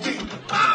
Thank you.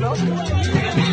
pueblo.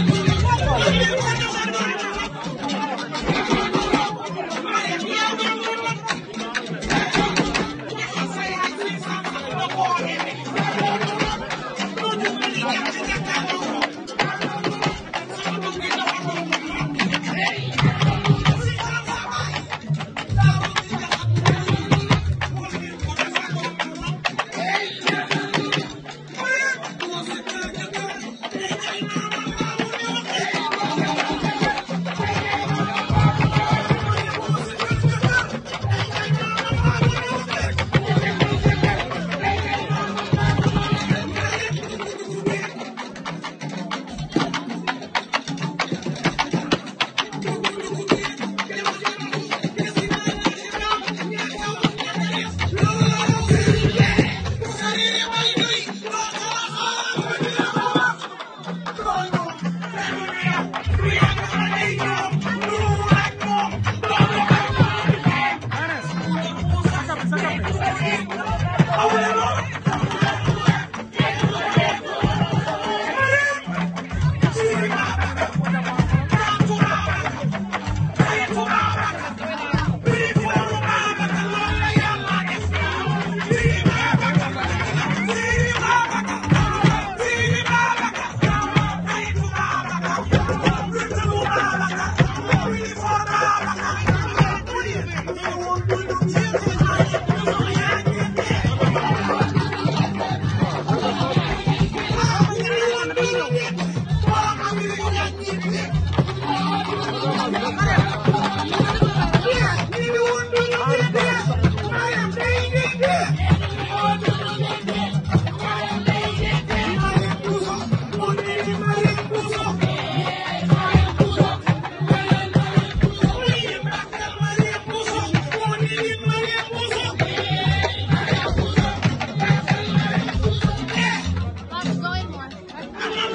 Thank you.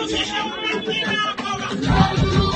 lu fi xew man mii maa ko wax